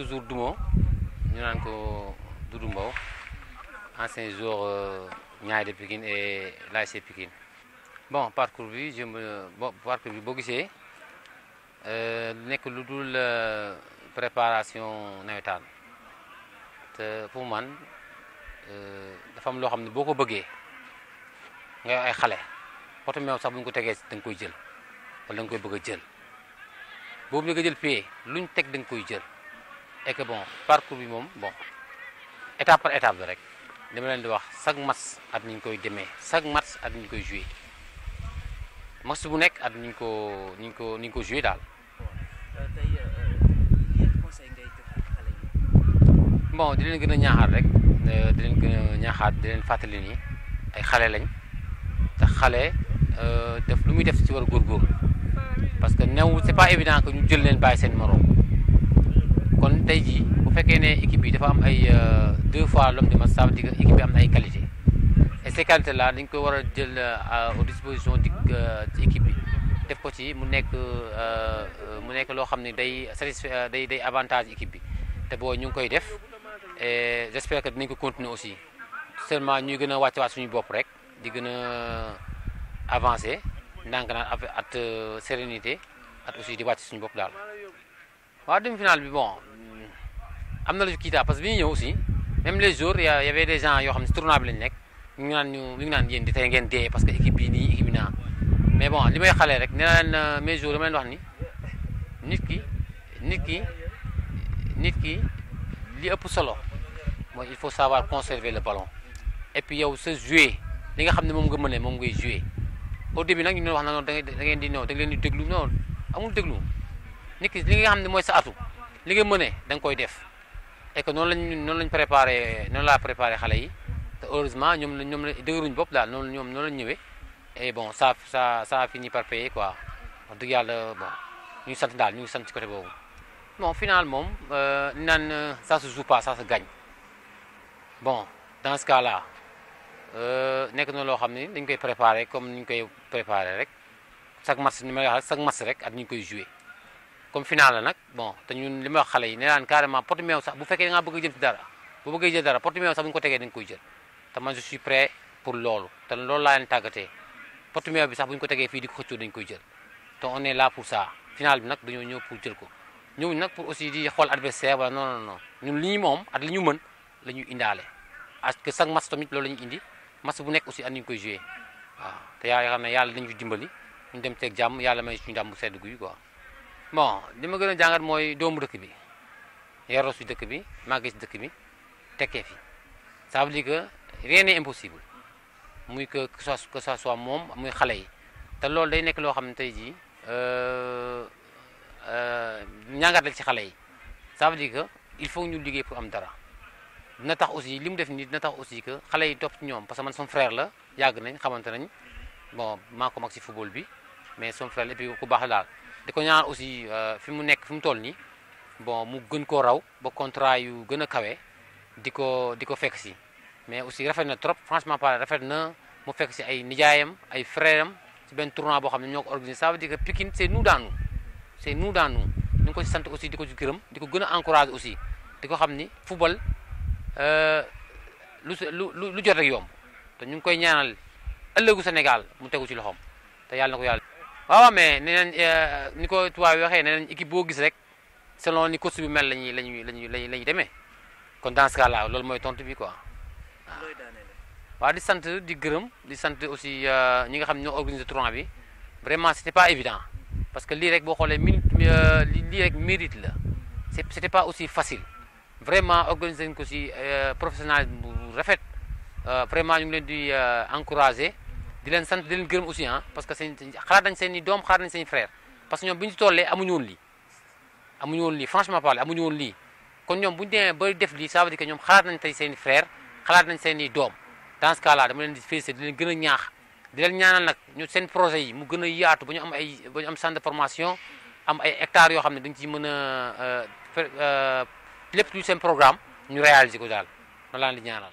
quelques jours Dumo ñu naan ko Doudou Mbow ancien joueur euh, Niayes de Pikine et l'ASC Pikine bon parcours bi je me bi boo gisee euh, nekk lu dul euh, préparation nawetaan te pour man dafa am loo xam ne boo ko bëggee nga ay xale poto meew sax bu ñu ko tegee da koy jël wala da koy bëgg jël boobu nga jël pie luñ teg da koy jël. et bon parcours bi moom bon étape par étape la rek dama leen di wax chaque match at ñu koy demee chaque match at ñu koy joué match bu nekk at ñu ko ñu ko ñu ngi ko joué daal. bon di leen gën a ñaaxaat rek euh, di leen gën a ñaaxaat di leen fàttali nii ay xale lañ te xale euh, def lu muy def ci war a góorgóorlu parce que new c'est pas évident que ñu jël leen bàyyi seen morom. kon tey jii bu fekkee ne équipe bi dafa am ay euh, deux fois l'homme de match ça veut dire que équipe bi am ay qualité et ces qualités là dañ koy war a jël euh, aux dispositions di euh, ci équipe bi def ko ci mu nekk mu nekk loo xam ne day satisfait day day avantage équipe bi te boo ñu ngi koy def et j'espère que dinañ ko continuer aussi seulement ñuy gën a wàcc waat suñu bopp rek di gën a avancer ndànk naan at sérénité at aussi di wàcc suñu bopp daal waaw demi-finale bi bon am na lu kii taa parce que bi ñu ñëw aussi même les jours y' avait des gens yoo xam ne si tournoi bi lañ nekk ñu ngi naan ñu ñu ngi naan yéen di tey ngeen dee parce que équipe bii nii équipe bi naa mais bon li may xalee rek nee naa leen euh, mes jours dama leen wax ni nit ki nit ki nit ki li ëpp solo mooy il faut savoir conserver le ballon et puis yow sa jouer li nga xam ne moom nga mënee moom ngay jouer au début nag ñu doon wax na noonu da ngeen di ñëw da ngeen di déglu non amul déglu nit ki li nga xam ne mooy sa atu li nga mënee da nga koy def. et que noonu lañ noonu lañ préparé noonu laa préparé xale yi te heureusement ñoom la ñoom la dëgëruñ daal noonu ñoom noonu lañ ñëwee bon ça ça ça a fini par payer quoi wax dëgg yàlla bon ñu sant daal ñu ngi sant côté boobu. bon final moom euh, nan euh, ça se joue pas ça se gagne bon dans ce cas là euh, nekk na loo xam ne dañ koy préparé comme ni ñu koy préparé rek chaque match ni ma la waxee chaque match rek ak ñu koy joué. comme final la nag bon te ñun li ma wax yi nee naan carrément porte meew sax bu fekkee da ngaa bëgg jëm si dara bu bëggee jël dara porte meew sax bu ñu ko tegee da koy jël te man je suis prêt pour loolu te loolu laa leen tàggatee porte meew bi sax bu ñu ko tegee fii di ko xëccoo dañ koy jël te on est là pour ça final bi nag dañoo ñëw pour jël ko ñëwuñ nag pour aussi di xool adversaire wala non non non ñun li ñu moom ak li ñu mën la ñuy indaale parce que chaque match tamit loolu la ñu indi bu nekk aussi am nañu koy joué waaw te yaakaar naa yàlla dañu dimbali ñu dem teeg jàmm yàlla may suñu ndam bon li ma gën a jàngat mooy doomu dëkk bi yaroo si dëkk bi màggee si dëkk bi tekkee fi ça veut dire que rien impossible muy que que ça que soit moom muy xale yi te loolu day nekk loo xam ne tey jii euh, euh, ñàngat la ci xale yi ça veut dire que il faut ñu liggéey pour am dara dina tax aussi li mu def nii dina tax aussi que xale yi topp ñoom parce que man son frère la yàgg nañ xamante nañ bon maa ko mag si football bi mais son frère la et ku baax la daal. di ko ñaan aussi euh, fi mu nekk fi mu toll nii bon mu gën koo raw ba contrat yu gën a kawe di ko di ko fekk si mais aussi rafet na trop franchement parlé rafet na mu fekk si ay nijaayam ay frère am si benn tournoi boo xam ne ñoo ko organisé ça veut dire que Pikine c' est nous dans nous ñu ngi ko si sant aussi di ko ci gërëm di ko gën a encouragé aussi di ko xam ni football euh, lu lu lu jot rek yomb te ñu ngi koy ñaanal ëllëgu Sénégal mu tegu si loxoom te yàlla na ko yàlla. waaw mais nee nañ euh, ni ko tubaab yi waxee nee nañ équipe boo gis rek selon ni coach bi mel la ñuy la ñuy la ñuy la ñuy demee kon dans ce cas loolu mooy tontu bi ko waaw. di sant di gërëm di sant aussi euh, ñi nga xam ne ñoo organisé tournoi bi vraiment c' était pas évident parce que lii rek boo xoolee mil euh, lii rek mérite la c' était pas aussi facile vraiment organiser nañ ko si professionnalisme bu rafet vraiment ñu ngi leen di encourager. di leen sant di leen gërëm aussi ah parce que seen xalaat nañ seen i doom que ñoom bi ñu tollee amuñu woon lii amuñu woon lii franchement parlé amuñu woon lii kon ñoom bu ñu demee ba def lii ça veut dire ñoom xalaat nañ tey seeni i frère xalaat nañ seen i doom dans ce laa dama leen di féliciter di leen gën a ñaax di leen ñaanal nag ñu seen projet yi mu gën a yaatu ba ñu am ay ba am centre de formation am ay hectares yoo xam ne dañ ci mën a euh, euh, lépp lu seen programme ñu réaliser ko daal ma laan di ñaanal